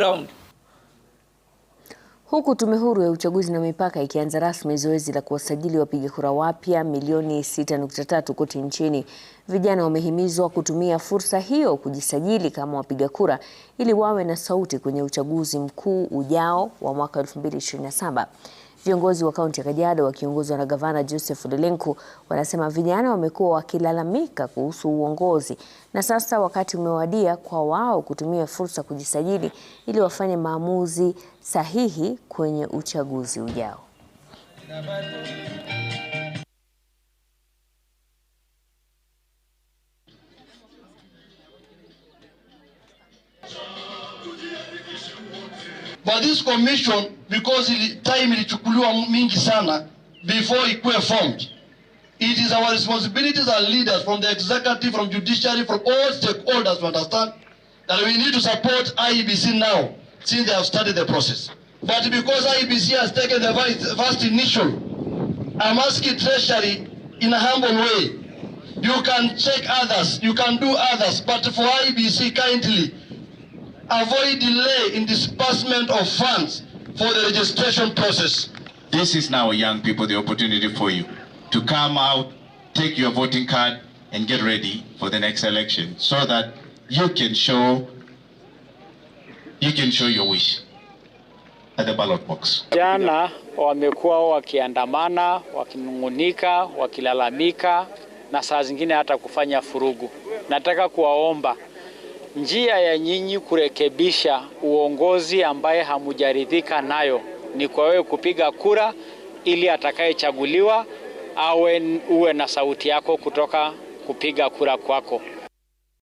ground. Huku Tume Huru ya Uchaguzi na Mipaka ikianza rasmi zoezi la kuwasajili wapiga kura wapya milioni 6.3 kote nchini vijana wamehimizwa kutumia fursa hiyo kujisajili kama wapiga kura ili wawe na sauti kwenye uchaguzi mkuu ujao wa mwaka 2027. Viongozi wa kaunti ya Kajiado wakiongozwa na gavana Joseph delenko wanasema vijana wamekuwa wakilalamika kuhusu uongozi na sasa wakati umewadia kwa wao kutumia fursa kujisajili ili wafanye maamuzi sahihi kwenye uchaguzi ujao. But this commission because ili, time ilichukuliwa mingi sana before ikuwe formed It is our responsibilities as leaders from the executive, from judiciary, from all stakeholders to understand that we need to support IEBC now since they have started the process. But because IEBC has taken the first initial, I'm asking Treasury in a humble way, you can check others, you can do others, but for IEBC kindly, avoid delay in disbursement of funds for the registration process. This is now, young people, the opportunity for you to come out, take your voting card, and get ready for the next election so that you can show you can show your wish at the ballot box. Jana wamekuwa wakiandamana, wakinung'unika, wakilalamika na saa zingine hata kufanya furugu. Nataka kuwaomba Njia ya nyinyi kurekebisha uongozi ambaye hamujaridhika nayo ni kwa wewe kupiga kura ili atakayechaguliwa awe uwe na sauti yako kutoka kupiga kura kwako.